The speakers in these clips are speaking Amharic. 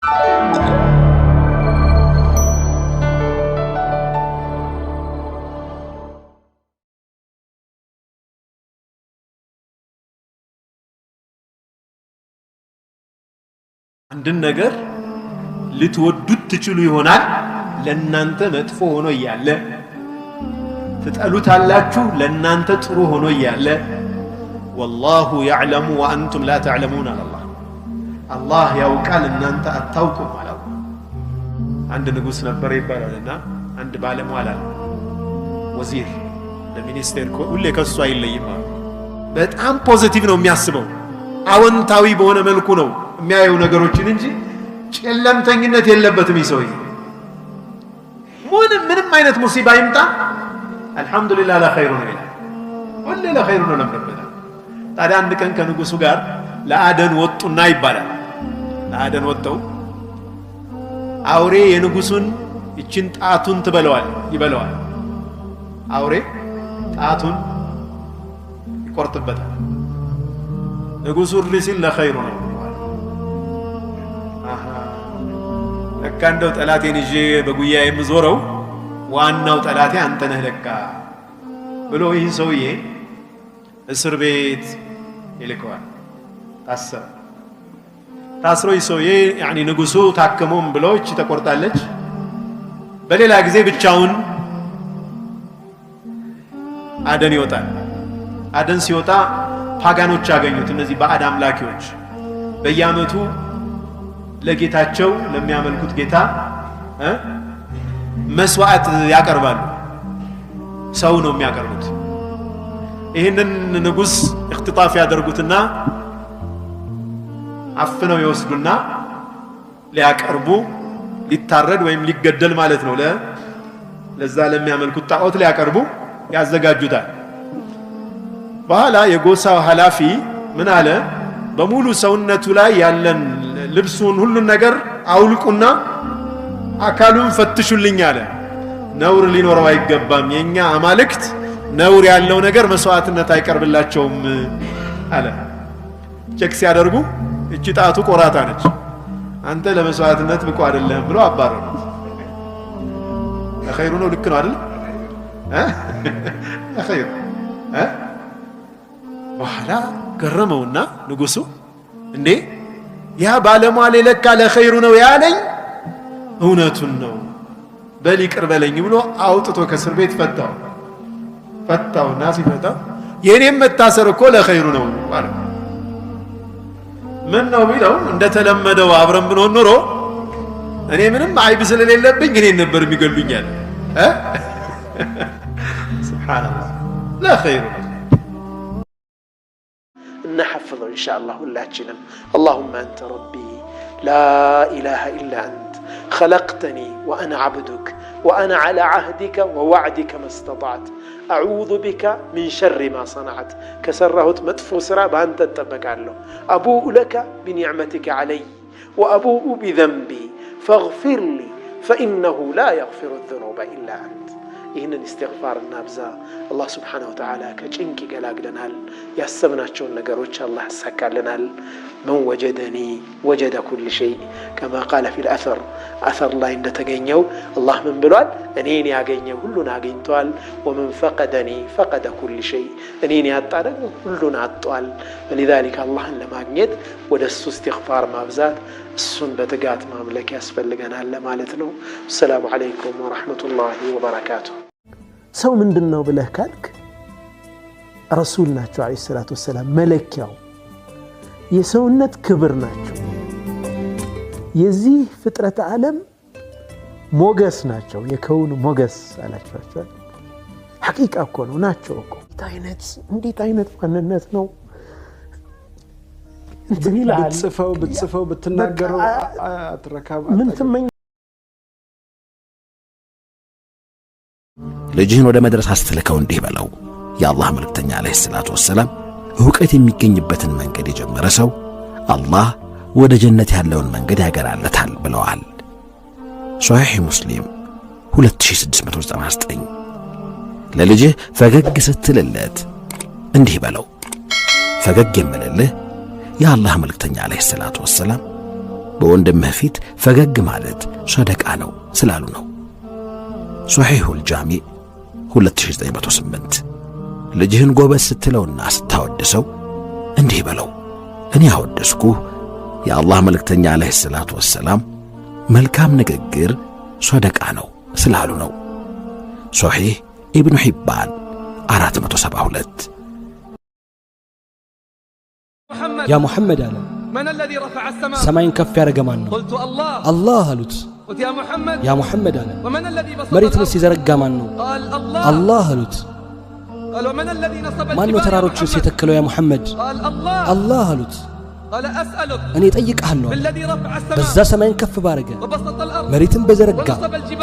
አንድን ነገር ልትወዱት ትችሉ ይሆናል። ለእናንተ መጥፎ ሆኖ እያለ ትጠሉታላችሁ፣ ለእናንተ ጥሩ ሆኖ እያለ ወላሁ ያዕለሙ ወአንቱም ላ ተዕለሙን አለ አላህ ያውቃል እናንተ አታውቁም አላው። አንድ ንጉሥ ነበረ ይባላል አንድ ባለሟል አለ ወዚር ለሚኒስቴር ሁሌ ከሱ አይለይም አሉ። በጣም ፖዚቲቭ ነው የሚያስበው፣ አወንታዊ በሆነ መልኩ ነው የሚያየው ነገሮችን እንጂ ጨለምተኝነት የለበትም። ይሰው ምንም ምንም አይነት ሙሲባ ይምጣ አልሐምዱሊላህ ለኸይሩ ነው ይላል። ሁሌ ለኸይሩ ነው ለምነበታል። ታዲያ አንድ ቀን ከንጉሱ ጋር ለአደን ወጡና ይባላል ለአደን ወጥተው አውሬ የንጉሱን ይችን ጣቱን ትበለዋል ይበለዋል። አውሬ ጣቱን ይቆርጥበታል። ንጉሱ እሪ ሲል ለኸይሩ ነው። ለካ እንደው ጠላቴን ይዤ በጉያ የምዞረው ዋናው ጠላቴ አንተ ነህ ለካ ብሎ ይህን ሰውዬ እስር ቤት ይልከዋል። ታሰረ። ታስሮ ሰውዬ ያኒ ንጉሱ ታክሞም ብሎች ተቆርጣለች። በሌላ ጊዜ ብቻውን አደን ይወጣል። አደን ሲወጣ ፓጋኖች አገኙት። እነዚህ ባዕድ አምላኪዎች በየዓመቱ ለጌታቸው ለሚያመልኩት ጌታ መስዋዕት ያቀርባሉ። ሰው ነው የሚያቀርቡት። ይህንን ንጉስ እክትጣፍ ያደርጉትና አፍነው ይወስዱና ሊያቀርቡ ሊታረድ ወይም ሊገደል ማለት ነው። ለዛ ለሚያመልኩት ጣዖት ሊያቀርቡ ያዘጋጁታል። በኋላ የጎሳ ኃላፊ ምን አለ? በሙሉ ሰውነቱ ላይ ያለን ልብሱን፣ ሁሉን ነገር አውልቁና አካሉን ፈትሹልኝ አለ። ነውር ሊኖረው አይገባም። የእኛ አማልክት ነውር ያለው ነገር መስዋዕትነት አይቀርብላቸውም አለ። ቼክ ሲያደርጉ እቺ ጣቱ ቆራጣ ነች፣ አንተ ለመስዋዕትነት ብቁ አይደለም ብሎ አባረሩት። ለኸይሩ ነው፣ ልክ ነው አይደል? ለኸይሩ በኋላ ገረመውና ንጉሱ እንዴ ያ ባለሟል የለካ ለኸይሩ ነው ያለኝ እውነቱን ነው፣ በል ይቅር በለኝ ብሎ አውጥቶ ከእስር ቤት ፈታው። ፈታውና ሲፈታው የእኔም መታሰር እኮ ለኸይሩ ነው አለ። ምን ነው የሚለው እንደተለመደው አብረን ብንሆን ኖሮ እኔ ምንም አይብ ስለሌለብኝ እኔን ነበር የሚገሉኛል እ ሱብሃንአላህ ላ ኸይሩ እና ሐፍዘው ኢንሻአላህ ሁላችንም اللهم انت ربي لا اله الا انت خلقتني وانا عبدك وانا على عهدك ووعدك ما استطعت አዑዙ ቢካ ሚን ሸሪ ማ ሰናዓት፣ ከሰራሁት መጥፎ ስራ በአንተ እጠበቃለሁ። አቡኡ ለከ ቢኒዕመቲከ ዓለይ ወአቡኡ ቢዘንቢ ፈግፊርኒ ፈኢነሁ ላ የግፊሩ ዝኑበ ኢላ አንት። ይህንን እስትግፋር እናብዛ። አላህ ስብሓነሁ ወተዓላ ከጭንቅ ይገላግለናል። ያሰብናቸውን ነገሮች አላህ ያሳካልናል። من وجدني وجد كل شيء كما قال في الأثر أثر الله إن تجنيه الله من بلال أنين أجنيو كلنا طال ومن فقدني فقد كل شيء أنين أتعرف كلنا أتوال فلذلك الله لما أجنت ودس استغفار ما بزات السن بتقات ما ملك يسفلقنا لما لتنو السلام عليكم ورحمة الله وبركاته سو من ነው ብለህ رسولنا ረሱል ናቸው አለ ሰላት ወሰላም መለኪያው የሰውነት ክብር ናቸው። የዚህ ፍጥረት ዓለም ሞገስ ናቸው። የከውን ሞገስ አላቸዋቸዋል። ሐቂቃ እኮ ነው ናቸው እኮ አይነት እንዴት አይነት ማንነት ነው እንትን ይልሃል። ብትጽፈው ብትጽፈው ብትናገረው አትረካብ ምን ትመኝ ልጅህን ወደ መድረስ አስትልከው እንዲህ በለው። የአላህ መልክተኛ ዓለይሂ ሰላቱ ወሰላም ዕውቀት የሚገኝበትን መንገድ የጀመረ ሰው አላህ ወደ ጀነት ያለውን መንገድ ያገራለታል ብለዋል። ሶሒሕ ሙስሊም 2699። ለልጅህ ፈገግ ስትልለት እንዲህ በለው፣ ፈገግ የምልልህ የአላህ መልእክተኛ ዓለይሂ ሰላቱ ወሰላም በወንድምህ ፊት ፈገግ ማለት ሰደቃ ነው ስላሉ ነው። ሶሒሑል ጃሚ 2908 ልጅህን ጎበዝ ስትለውና ስታወድሰው እንዲህ በለው እኔ አወደስኩህ። የአላህ መልእክተኛ ዓለይሂ ሰላቱ ወሰላም መልካም ንግግር ሶደቃ ነው ስላሉ ነው። ሶሒህ ኢብኑ ሒባን 472 ያ ሙሐመድ አለ ሰማይን ከፍ ያደረገ ማን ነው? አላህ አሉት። ያ ሙሐመድ አለ መሬትንስ የዘረጋ ማን ነው? አላህ አሉት። ማን ነው ተራሮችንስ የተከለው ያ ሙሐመድ? አላህ አሉት። እኔ ጠይቅሃለሁ በዛ ሰማይን ከፍ ባረገ መሬትን በዘረጋ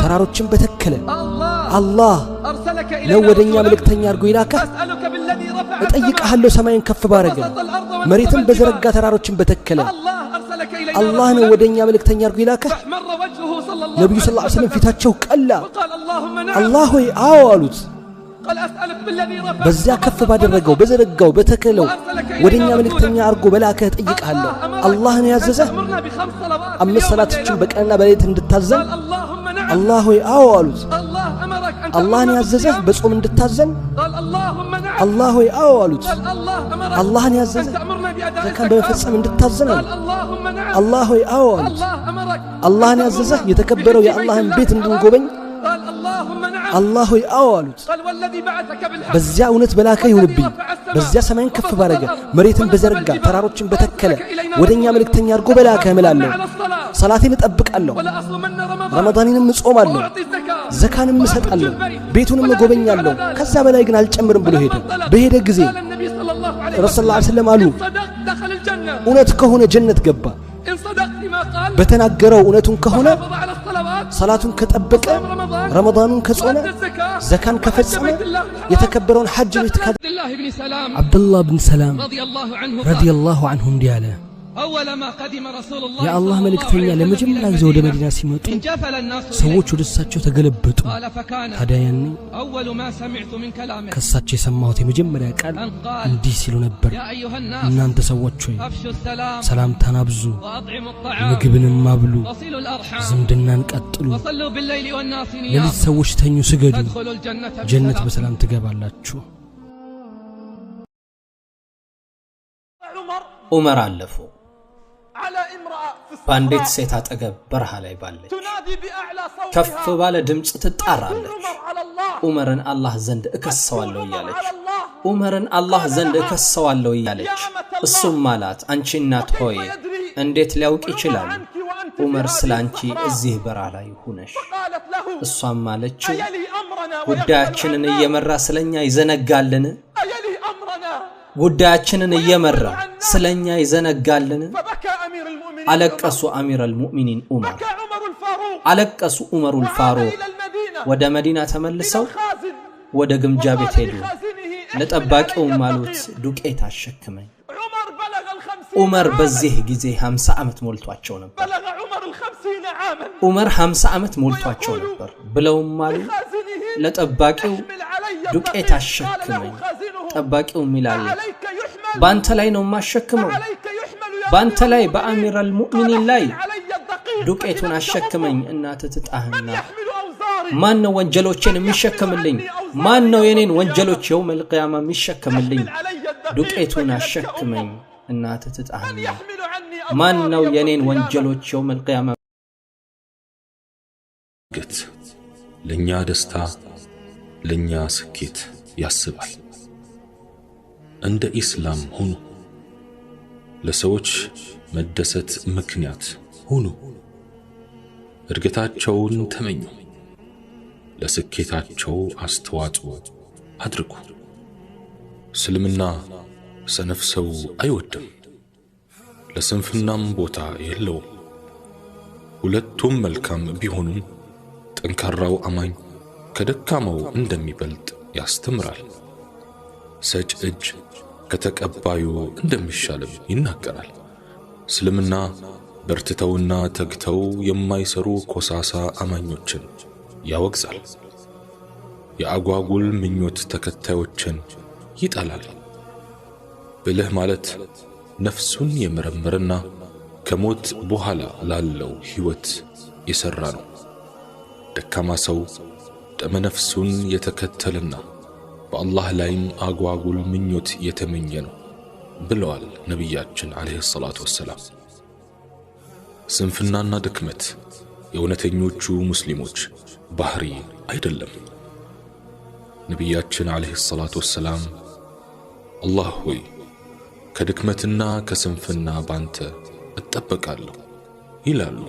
ተራሮችን በተከለ አላህ ነው ወደ እኛ መልእክተኛ አድርጎ ይላካ? እጠይቅሃለሁ ሰማይን ከፍ ባረገ መሬትን በዘረጋ ተራሮችን በተከለ አላህ ነው ወደ እኛ መልእክተኛ አድርጎ ይላካ? ነቢዩ ስ ሰለም ፊታቸው ቀላ። አላህ ሆይ አዎ አሉት። በዚያ ከፍ ባደረገው በዘረጋው በተከለው ወደ እኛ መልእክተኛ አርጎ በላከህ ጠይቀሃለሁ። አላህን ያዘዘህ አምስት ሰላቶችን በቀንና በሌሊት እንድታዘን አላህ ሆይ አዎ አሉት። አላህን ያዘዘህ በጾም እንድታዘን አላህ ሆይ አዎ አሉት። አላህን ያዘዘህ ዘካን በመፈጸም እንድታዘን አሉ። አላህ ሆይ አዎ አሉት። አላህን ያዘዘህ የተከበረው የአላህን ቤት እንድንጎበኝ አላህ ሆይ አዎ አሉት። በዚያ እውነት በላከ ይሁንብኝ። በዚያ ሰማይን ከፍ ባረገ፣ መሬትን በዘረጋ፣ ተራሮችን በተከለ ወደ እኛ መልእክተኛ አድርጎ በላከ እምላለሁ። ሰላቴን እጠብቃለሁ፣ ረመዳኔንም እጾማለሁ፣ ዘካንም እሰጣለሁ፣ ቤቱንም እጎበኛለሁ። ከዛ በላይ ግን አልጨምርም ብሎ ሄደ። በሄደ ጊዜ ረሱል ላ ስለም አሉ እውነት ከሆነ ጀነት ገባ። በተናገረው እውነቱን ከሆነ صلاة كتبك رمضان كصوم زكاة كفصم يتكبرون حج الله بن سلام عبد الله بن سلام رضي الله عنه رضي الله عنهم دياله የአላህ መልእክተኛ ለመጀመሪያ ጊዜ ወደ መዲና ሲመጡ ሰዎች ወደ እሳቸው ተገለበጡ። ታዲያ ያኔ ከእሳቸው የሰማሁት የመጀመሪያ ቃል እንዲህ ሲሉ ነበር፣ እናንተ ሰዎች ሆይ ሰላምታን አብዙ፣ ምግብንም አብሉ፣ ዝምድናን ቀጥሉ፣ ሌሊት ሰዎች ተኙ፣ ስገዱ፣ ጀነት በሰላም ትገባላችሁ። ዑመር አለፉ። በአንዲት ሴት አጠገብ በረሃ ላይ ባለች ከፍ ባለ ድምፅ ትጣራለች። ዑመርን አላህ ዘንድ እከሰዋለሁ እያለች ዑመርን አላህ ዘንድ እከሰዋለሁ እያለች እሱም አላት አንቺ እናት ሆይ እንዴት ሊያውቅ ይችላል ዑመር ስለ አንቺ እዚህ በረሃ ላይ ሁነሽ? እሷም አለችው ጉዳያችንን እየመራ ስለኛ ይዘነጋልን? ጉዳያችንን እየመራ ስለኛ ይዘነጋልን? አለቀሱ አሚር አልሙእሚኒን ዑመር አለቀሱ። ዑመሩል ፋሩቅ ወደ መዲና ተመልሰው ወደ ግምጃ ቤት ሄዱ። ለጠባቂውም አሉት ዱቄት አሸክመኝ። ዑመር በዚህ ጊዜ 50 ዓመት ሞልቷቸው ነበር። ዑመር 50 ዓመት ሞልቷቸው ነበር ብለውም አሉ ለጠባቂው ዱቄት አሸክመኝ ጠባቂው የሚላለ በአንተ ላይ ነው የማሸክመው። በአንተ ላይ በአሚራል ሙእሚኒን ላይ ዱቄቱን አሸክመኝ፣ እናትህ ትጣህና። ማን ነው ወንጀሎቼን የሚሸከምልኝ? ማን ነው የኔን ወንጀሎች የውመል ቂያማ የሚሸከምልኝ? ዱቄቱን አሸክመኝ፣ እናትህ ትጣህና። ማን ነው የኔን ወንጀሎች የውመል ቂያማ ለእኛ ደስታ ለእኛ ስኬት ያስባል። እንደ ኢስላም ሁኑ። ለሰዎች መደሰት ምክንያት ሁኑ። እድገታቸውን ተመኙ። ለስኬታቸው አስተዋጽኦ አድርጉ። እስልምና ሰነፍ ሰው አይወድም፣ ለስንፍናም ቦታ የለውም። ሁለቱም መልካም ቢሆኑም ጠንካራው አማኝ ከደካማው እንደሚበልጥ ያስተምራል። ሰጭ እጅ ከተቀባዩ እንደሚሻልም ይናገራል። እስልምና በርትተውና ተግተው የማይሰሩ ኮሳሳ አማኞችን ያወግዛል። የአጓጉል ምኞት ተከታዮችን ይጠላል። ብልህ ማለት ነፍሱን የመረመረና ከሞት በኋላ ላለው ሕይወት የሠራ ነው። ደካማ ሰው ደመነፍሱን የተከተልና በአላህ ላይም አጓጉል ምኞት የተመኘ ነው ብለዋል ነቢያችን ዓለይሂ ሰላቱ ወሰላም። ስንፍናና ድክመት የእውነተኞቹ ሙስሊሞች ባህሪ አይደለም። ነቢያችን ዓለይሂ ሰላቱ ወሰላም አላህ ሆይ ከድክመትና ከስንፍና ባንተ እጠበቃለሁ ይላሉ።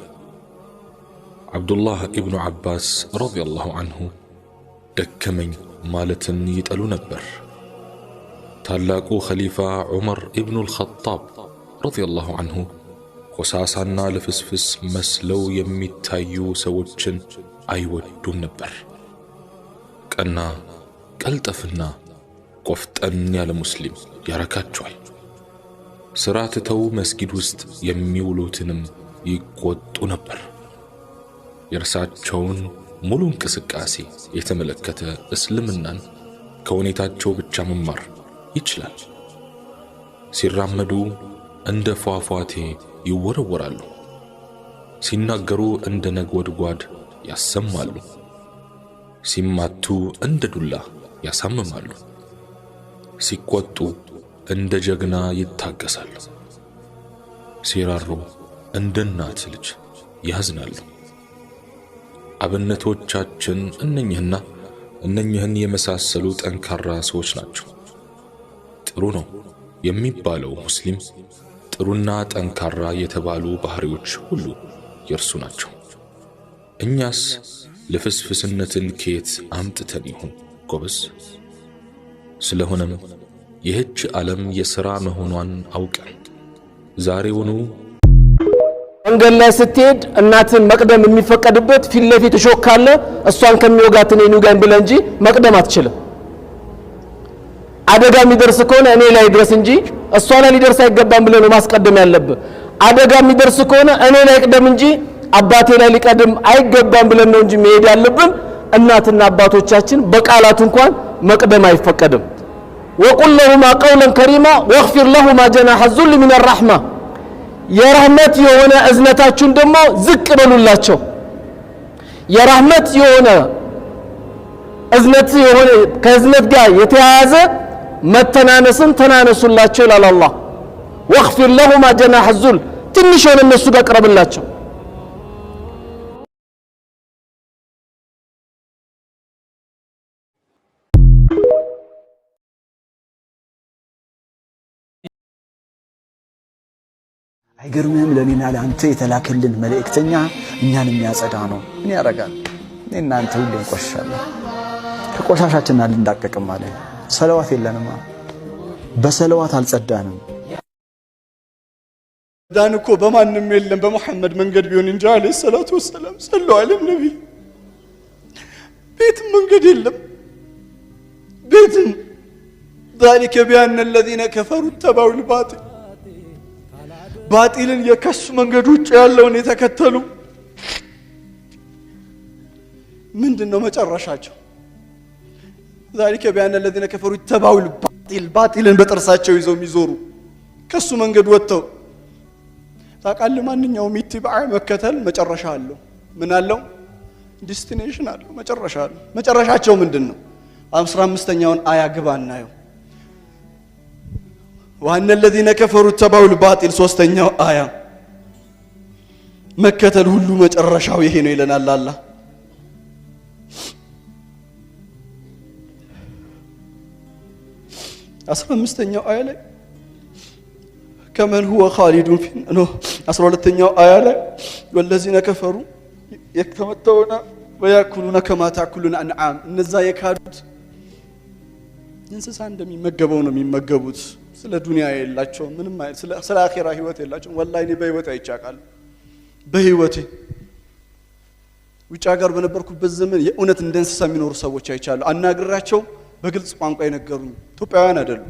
ዓብዱላህ ኢብኑ ዓባስ ረዲየላሁ አንሁ ደከመኝ ማለትን ይጠሉ ነበር። ታላቁ ኸሊፋ ዑመር ኢብኑል ኸጣብ ረዲየላሁ አንሁ ኮሳሳና ልፍስፍስ መስለው የሚታዩ ሰዎችን አይወዱም ነበር። ቀና ቀልጠፍና ቆፍጠን ያለ ሙስሊም ያረካቸዋል። ሥራ ትተው መስጊድ ውስጥ የሚውሉትንም ይቆጡ ነበር የእርሳቸውን ሙሉ እንቅስቃሴ የተመለከተ እስልምናን ከሁኔታቸው ብቻ መማር ይችላል። ሲራመዱ እንደ ፏፏቴ ይወረወራሉ፣ ሲናገሩ እንደ ነጎድጓድ ያሰማሉ፣ ሲማቱ እንደ ዱላ ያሳምማሉ፣ ሲቆጡ እንደ ጀግና ይታገሳሉ፣ ሲራሩ እንደ እናት ልጅ ያዝናሉ። አብነቶቻችን እነኝህና እነኝህን የመሳሰሉ ጠንካራ ሰዎች ናቸው። ጥሩ ነው የሚባለው ሙስሊም ጥሩና ጠንካራ የተባሉ ባህሪዎች ሁሉ የእርሱ ናቸው። እኛስ ልፍስፍስነትን ከየት አምጥተን ይሁን ጎበዝ? ስለሆነም ይህች ዓለም የሥራ መሆኗን አውቀን ዛሬውኑ መንገድ ላይ ስትሄድ እናትን መቅደም የሚፈቀድበት ፊት ለፊት ካለ እሷን ከሚወጋት እኔን ይውጋኝ ብለህ እንጂ መቅደም አትችልም። አደጋ የሚደርስ ከሆነ እኔ ላይ ድረስ እንጂ እሷ ላይ ሊደርስ አይገባም ብለህ ነው ማስቀደም ያለብህ። አደጋ የሚደርስ ከሆነ እኔ ላይ ቅደም እንጂ አባቴ ላይ ሊቀድም አይገባም ብለን ነው እንጂ መሄድ ያለብን። እናትና አባቶቻችን በቃላት እንኳን መቅደም አይፈቀድም። ወቁል ለሁማ ቀውለን ከሪማ ወግፊር ለሁማ ጀናሐ ዙል ሚን አራሕማ የራህመት የሆነ እዝነታችሁን ደግሞ ዝቅ በሉላቸው የራህመት የሆነ እዝነት የሆነ ከእዝነት ጋር የተያያዘ መተናነስን ተናነሱላቸው ይላል አላህ ወክፊር ለሁማ ጀናሕ ዙል ትንሽ የሆነ እነሱ ጋር ቅረብላቸው አይገርምህም? ለእኔና ለአንተ የተላከልን መልእክተኛ እኛን የሚያጸዳ ነው። ምን ያደርጋል? እኔ እናንተ ሁሌ እንቆሻለን። ከቆሻሻችን አልንዳቀቅም አለ። ሰለዋት የለንማ። በሰለዋት አልጸዳንም። ዳን እኮ በማንም የለም በመሐመድ መንገድ ቢሆን እንጂ አለ ሰላቱ ወሰላም ሰሎ አለም ነብይ ቤትም መንገድ የለም ቤትም ذلك بأن الذين كفروا اتبعوا الباطل ባጢልን የከሱ መንገድ ውጭ ያለውን የተከተሉ ምንድን ነው መጨረሻቸው? ዛሊከ ቢያነ ለዚነ ከፈሩ ይተባዊል ባጢል ባጢልን በጥርሳቸው ይዘው የሚዞሩ ከሱ መንገድ ወጥተው ታቃል ማንኛውም ኢትባዕ መከተል መጨረሻ አለው። ምን አለው? ዲስቲኔሽን አለው። መጨረሻ አለው። መጨረሻቸው ምንድን ነው? አስራ አምስተኛውን አያግባ እናየው። ዋነ ለዚነ ከፈሩ ተባውል ባጢል ሶስተኛው አያ መከተል ሁሉ መጨረሻው ይሄ ነው ይለናል አላህ። አስራ አምስተኛው አያ ላይ ከመን ሁወ ኻሊዱን ፊ ኖ አስራ ሁለተኛው አያ ላይ ወለዚነ ከፈሩ የተመተውና ወያኩሉና ከማ አንዓም እነዛ የካዱት እንስሳ እንደሚመገበው ነው የሚመገቡት። ስለ ዱንያ የላቸውም፣ ምንም ስለ አኼራ ህይወት የላቸውም። ወላሂ እኔ በህይወት አይቻቃሉ በህይወቴ ውጭ ሀገር በነበርኩበት ዘመን የእውነት እንደ እንስሳ የሚኖሩ ሰዎች አይቻሉ። አናግራቸው በግልጽ ቋንቋ የነገሩኝ ኢትዮጵያውያን አይደሉ።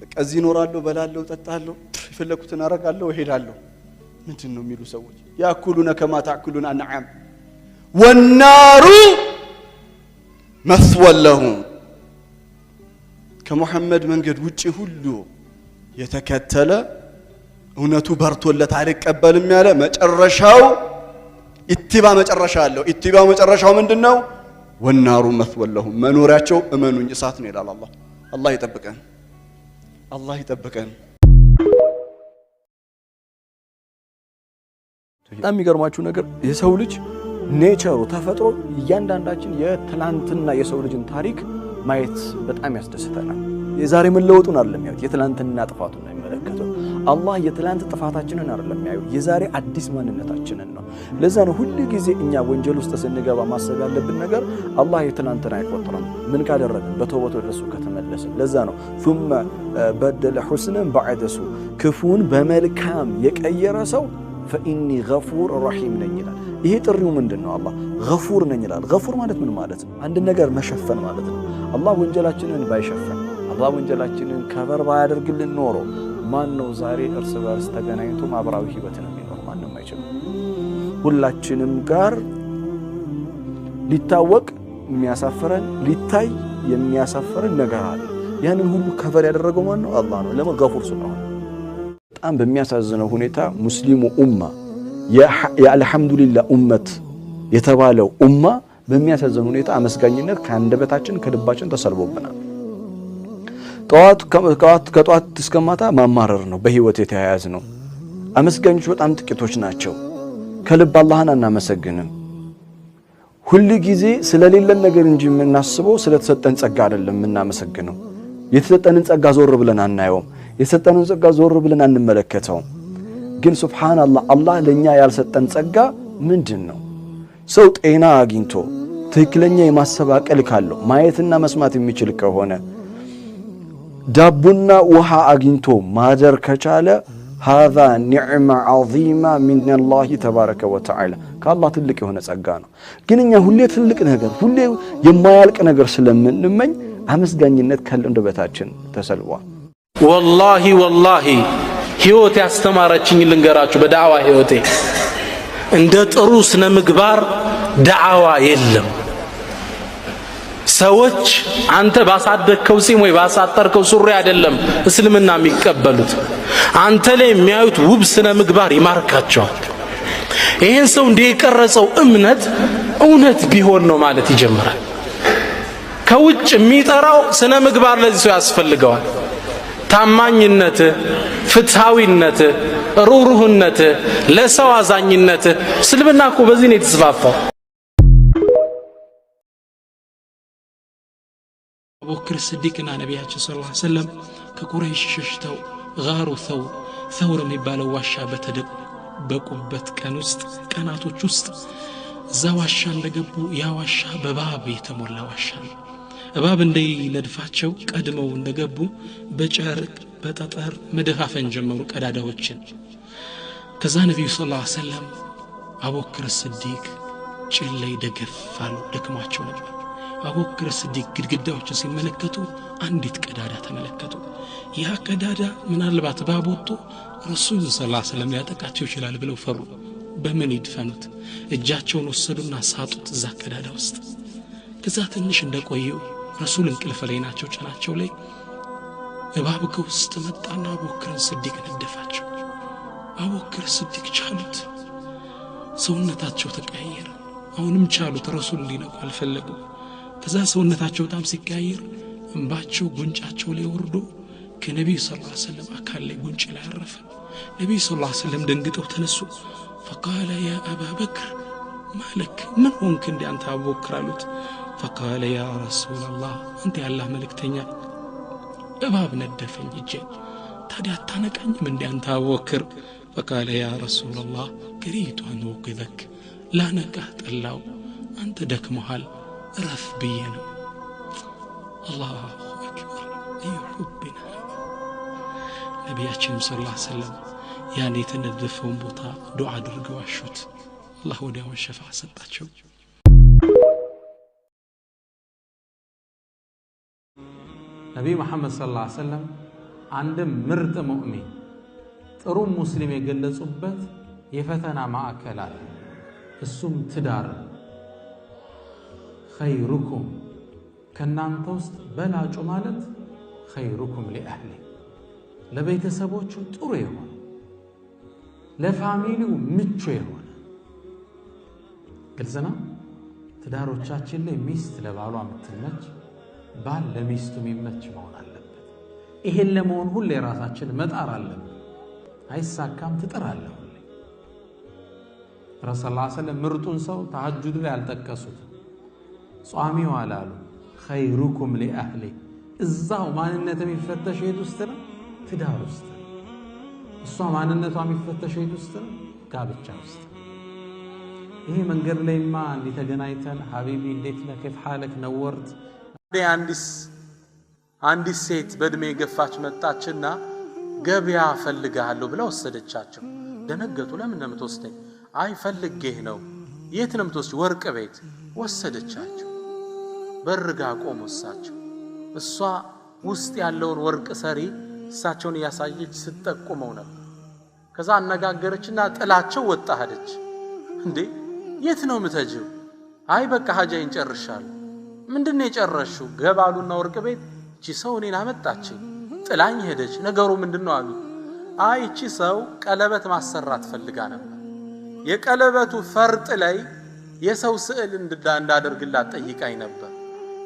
በቃ እዚህ እኖራለሁ፣ በላለሁ፣ ጠጣለሁ፣ የፈለግኩትን አረጋለሁ፣ እሄዳለሁ። ምንድን ነው የሚሉ ሰዎች ያኩሉነ ከማ ታኩሉን አንዓም ወናሩ መስወለሁም ከሙሐመድ መንገድ ውጪ ሁሉ የተከተለ እውነቱ በርቶለት አልቀበልም ያለ መጨረሻው ኢትባ መጨረሻ አለው። ኢትባ መጨረሻው ምንድን ነው? ወናሩ መስወለሁ መኖሪያቸው እመኑኝ እሳት ነው ይላል አላህ። አላህ ይጠብቀን፣ አላህ ይጠብቀን። በጣም የሚገርማችሁ ነገር የሰው ልጅ ኔቸሩ ተፈጥሮ እያንዳንዳችን የትላንትና የሰው ልጅን ታሪክ ማየት በጣም ያስደስተናል። የዛሬ መለወጡን አይደለም ያዩት፣ የትላንትና ጥፋቱን ነው የሚመለከተው። አላህ የትላንት ጥፋታችንን አይደለም ያዩ፣ የዛሬ አዲስ ማንነታችንን ነው። ለዛ ነው ሁሉ ጊዜ እኛ ወንጀል ውስጥ ስንገባ ማሰብ ያለብን ነገር አላህ የትላንትን አይቆጥረም፣ ምን ካደረግን በተውበት ወደሱ ከተመለስን። ለዛ ነው ثم በደለ ሑስነን በዐደ ክፉን በመልካም የቀየረ ሰው ፈኢኒ ገፉር ረሒም ነኝ ይላል። ይሄ ጥሪው ምንድን ነው? አላህ ገፉር ነኝ ይላል። ገፉር ማለት ምን ማለት ነው? አንድ ነገር መሸፈን ማለት ነው። አላህ ወንጀላችንን ባይሸፈን፣ አላህ ወንጀላችንን ከበር ባያደርግልን ኖሮ ማን ነው ዛሬ እርስ በርስ ተገናኝቶ ማህበራዊ ህይወት ነው የሚኖር? ማንም አይችልም። ሁላችንም ጋር ሊታወቅ የሚያሳፍረን ሊታይ የሚያሳፍረን ነገር አለ። ያንን ሁሉ ከበር ያደረገው ማን ነው? አላህ ነው። ለምን ስለሆነ። በጣም በሚያሳዝነው ሁኔታ ሙስሊሙ ኡማ የአልሐምዱሊላ ኡመት የተባለው ኡማ በሚያሳዝን ሁኔታ አመስጋኝነት ከአንደበታችን ከልባችን ተሰልቦብናል። ከጠዋት እስከ ማታ ማማረር ነው በህይወት የተያያዝ ነው። አመስጋኞች በጣም ጥቂቶች ናቸው። ከልብ አላህን አናመሰግንም። ሁል ጊዜ ስለሌለን ነገር እንጂ የምናስበው ስለተሰጠን ጸጋ አይደለም የምናመሰግነው። የተሰጠንን ጸጋ ዞር ብለን አናየውም። የተሰጠንን ጸጋ ዞር ብለን አንመለከተውም። ግን ሱብሓናላህ አላህ ለእኛ ያልሰጠን ጸጋ ምንድን ነው? ሰው ጤና አግኝቶ ትክክለኛ የማሰብ አቅል ካለው ማየትና መስማት የሚችል ከሆነ ዳቦና ውሃ አግኝቶ ማደር ከቻለ ሃዛ ኒዕማ ዓዚማ ሚነላሂ ተባረከ ወተዓላ ከአላህ ትልቅ የሆነ ጸጋ ነው። ግን እኛ ሁሌ ትልቅ ነገር ሁሌ የማያልቅ ነገር ስለምንመኝ አመስጋኝነት ካለ በታችን ተሰልቧል። ወላሂ ወላሂ ህይወት ያስተማረችኝ ልንገራችሁ። በዳዋ ህይወቴ እንደ ጥሩ ስነ ምግባር ዳዋ የለም። ሰዎች አንተ ባሳደግከው ጺም ወይ ባሳጠርከው ሱሪ አይደለም እስልምና የሚቀበሉት። አንተ ላይ የሚያዩት ውብ ስነ ምግባር ይማርካቸዋል። ይህን ሰው እንደ የቀረጸው እምነት እውነት ቢሆን ነው ማለት ይጀምራል። ከውጭ የሚጠራው ስነ ምግባር ለዚህ ሰው ያስፈልገዋል። ታማኝነትህ፣ ፍትሃዊነት፣ ሩህሩህነትህ፣ ለሰው አዛኝነትህ። እስልምና እኮ በዚህ ነው የተስፋፋው። አቡበክር ስዲቅና ነቢያችን ስ ላ ሰለም ከቁረይሽ ሸሽተው ጋሩ ሰውር ሰውር የሚባለው ዋሻ በተደበቁበት ቀን ውስጥ ቀናቶች ውስጥ እዛ ዋሻ እንደገቡ ያ ዋሻ በባብ የተሞላ ዋሻ ነው። እባብ እንዳይነድፋቸው ቀድመው እንደገቡ በጨርቅ በጠጠር መደፋፈን ጀመሩ ቀዳዳዎችን ከዛ ነቢዩ ስ ላ ሰለም አቡበክር ስዲቅ ጭን ላይ ደገፍ ደክሟቸው ነበር አቡበክር ስዲቅ ግድግዳዎችን ሲመለከቱ አንዲት ቀዳዳ ተመለከቱ ያ ቀዳዳ ምናልባት ባቦቶ ረሱል ስ ላ ሰለም ሊያጠቃቸው ይችላል ብለው ፈሩ በምን ይድፈኑት እጃቸውን ወሰዱና ሳጡት እዛ ቀዳዳ ውስጥ ከዛ ትንሽ እንደቆየው ረሱል እንቅልፍ ላይ ናቸው። ጭናቸው ላይ እባብ ከውስጥ መጣና አቦክርን ስዲቅ ነደፋቸው። አቦክር ስዲቅ ቻሉት። ሰውነታቸው ተቀያየረ። አሁንም ቻሉት። ረሱል ሊነቁ አልፈለጉ። ከዛ ሰውነታቸው በጣም ሲቀያየር እንባቸው ጉንጫቸው ላይ ወርዶ ከነቢዩ ሰለላሁ ዐለይሂ ወሰለም አካል ላይ ጉንጭ ላይ አረፈ። ነቢዩ ሰለላሁ ዐለይሂ ወሰለም ደንግጠው ተነሱ። ፈቃለ ያ አባ በክር ማለክ ምን ሆንክ? እንዲ አንተ አቡበክር አሉት። فقال يا رسول الله انت الله ملك تنيا اباب ندفني جي تادي اتانك اني من دي انت وكر فقال يا رسول الله كريت ان اوقذك لا نكهت الله انت دك محل رث بينا الله اكبر اي حبنا نبي اتشم صلى الله عليه وسلم يعني تندفهم بطا دعا درقوا الشوت الله ودي وشفع سنتاتشو نبي محمد صلى الله عليه وسلم عندهم مرت مؤمن ترم مسلم يقل صبت يفتنا مع كلال السم تدار خيركم كنان توست بلا جمالت خيركم لأهلي لبيت سبوتشو تريه لفاميلي ومتشو يهون قلت زنا تدارو تشاتشي اللي ميست لبعلوها متنمج ባል ለሚስቱ የሚመች መሆን አለበት። ይሄን ለመሆን ሁሌ ራሳችን መጣር አለብን። አይሳካም፣ ትጥራለህ። ሁሌ ረሱ ላ ስለም ምርጡን ሰው ተሐጁድ ላይ አልጠቀሱት። ጿሚው አላሉ ኸይሩኩም ሊአህሌ እዛው ማንነት የሚፈተሽ የት ውስጥ ነው? ትዳር ውስጥ ነው። እሷ ማንነቷ የሚፈተሽ የት ውስጥ ነው? ጋብቻ ውስጥ ይሄ መንገድ ላይማ እንዲህ ተገናኝተን ሀቢቢ እንዴት ነህ፣ ኬፍ ሓለክ ነወርት አንዲት ሴት በእድሜ የገፋች መጣችና ገበያ ፈልግሃለሁ ብላ ወሰደቻቸው። ደነገጡ። ለምን ነው የምትወስደኝ? አይ ፈልጌህ ነው። የት ነው ወርቅ ቤት። ወሰደቻቸው። በርጋ ቆም ወሳቸው። እሷ ውስጥ ያለውን ወርቅ ሰሪ እሳቸውን እያሳየች ስትጠቁመው ነበር። ከዛ አነጋገረችና ጥላቸው ወጣ ሄደች። እንዴ የት ነው ምተጀው አይ በቃ ሀጃይን ጨርሻለሁ። ምንድን ነው የጨረሽው? ገባሉና ወርቅ ቤት እቺ ሰው እኔን አመጣችኝ ጥላኝ ሄደች። ነገሩ ምንድን ነው አሉ። አይ እቺ ሰው ቀለበት ማሰራት ፈልጋ ነበር። የቀለበቱ ፈርጥ ላይ የሰው ስዕል እንዳደርግላት ጠይቃኝ ነበር።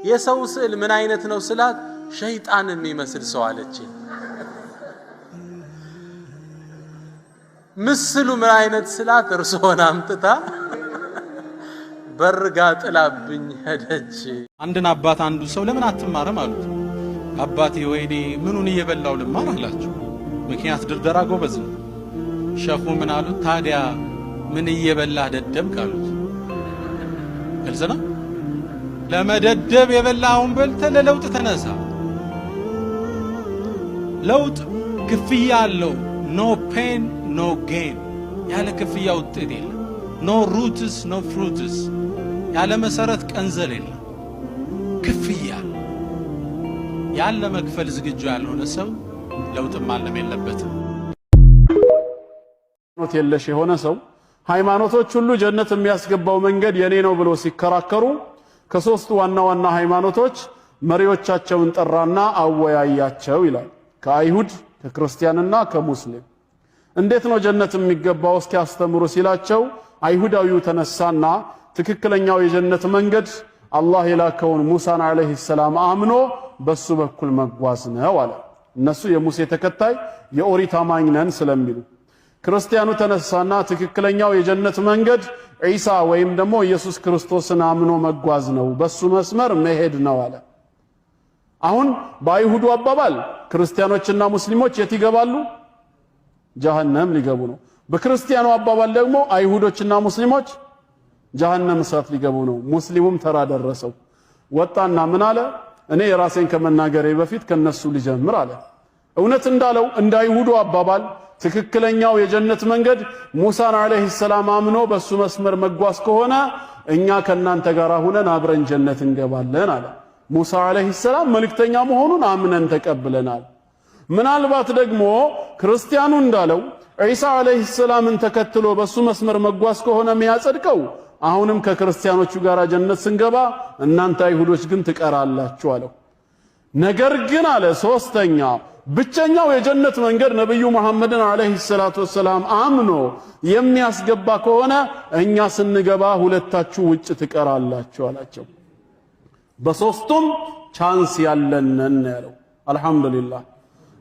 የሰው ስዕል ምን አይነት ነው ስላት ሸይጣን የሚመስል ሰው አለች። ምስሉ ምን አይነት ስላት እርስዎን አምጥታ በርጋ ጥላብኝ ሄደች። አንድን አባት አንዱ ሰው ለምን አትማርም አሉት። አባቴ ወይኔ ምኑን እየበላው ልማር አላቸው። ምክንያት ድርደራ ጎበዝ ነው። ሸፉ ምን አሉት? ታዲያ ምን እየበላህ ደደብክ አሉት። ግልጽ ነው። ለመደደብ የበላውን በልተ ለለውጥ ተነሳ። ለውጥ ክፍያ አለው። ኖ ፔን ኖ ጌን፣ ያለ ክፍያ ውጤት የለም። ኖ ሩትስ ኖ ፍሩትስ ያለ መሰረት ቀንዘል የለም። ክፍያ ያን ለመክፈል ዝግጁ ያልሆነ ሰው ለውጥ ማለም የለበትም። ሃይማኖት የለሽ የሆነ ሰው ሃይማኖቶች ሁሉ ጀነት የሚያስገባው መንገድ የኔ ነው ብሎ ሲከራከሩ ከሶስቱ ዋና ዋና ሃይማኖቶች መሪዎቻቸውን ጠራና አወያያቸው ይላል። ከአይሁድ ከክርስቲያንና ከሙስሊም እንዴት ነው ጀነት የሚገባው አስተምሩ ሲላቸው አይሁዳዊው ተነሳና ትክክለኛው የጀነት መንገድ አላህ የላከውን ሙሳን ዓለይሂ ሰላም አምኖ በሱ በኩል መጓዝ ነው አለ። እነሱ የሙሴ ተከታይ የኦሪት አማኝ ነን ስለሚሉ ክርስቲያኑ ተነሳና ትክክለኛው የጀነት መንገድ ዒሳ ወይም ደግሞ ኢየሱስ ክርስቶስን አምኖ መጓዝ ነው፣ በሱ መስመር መሄድ ነው አለ። አሁን በአይሁዱ አባባል ክርስቲያኖችና ሙስሊሞች የት ይገባሉ? ጀሃነም ሊገቡ ነው። በክርስቲያኑ አባባል ደግሞ አይሁዶችና ሙስሊሞች ጀሃነም እሳት ሊገቡ ነው። ሙስሊሙም ተራ ደረሰው። ወጣና ምን አለ? እኔ የራሴን ከመናገሬ በፊት ከነሱ ልጀምር አለ። እውነት እንዳለው እንደ አይሁዱ አባባል ትክክለኛው የጀነት መንገድ ሙሳን ዓለይሂ ሰላም አምኖ በሱ መስመር መጓዝ ከሆነ እኛ ከናንተ ጋር ሁነን አብረን ጀነት እንገባለን አለ። ሙሳ ዓለይሂ ሰላም መልእክተኛ መሆኑን አምነን ተቀብለናል። ምናልባት ደግሞ ክርስቲያኑ እንዳለው ዒሳ ዓለይሂ ሰላምን ተከትሎ በሱ መስመር መጓዝ ከሆነ የሚያጸድቀው አሁንም ከክርስቲያኖቹ ጋር ጀነት ስንገባ እናንተ አይሁዶች ግን ትቀራላችሁ አለው። ነገር ግን አለ ሶስተኛ ብቸኛው የጀነት መንገድ ነብዩ መሐመድን አለይሂ ሰላቱ ወሰላም አምኖ የሚያስገባ ከሆነ እኛ ስንገባ ሁለታችሁ ውጭ ትቀራላችሁ አላቸው። በሶስቱም ቻንስ ያለንን ያለው አልሐምዱሊላህ።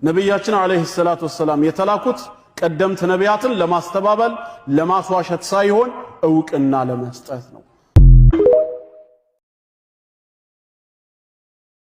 ነብያችን አለይሂ ሰላቱ ወሰላም የተላኩት ቀደምት ነቢያትን ለማስተባበል ለማስዋሸት ሳይሆን እውቅና ለመስጠት ነው።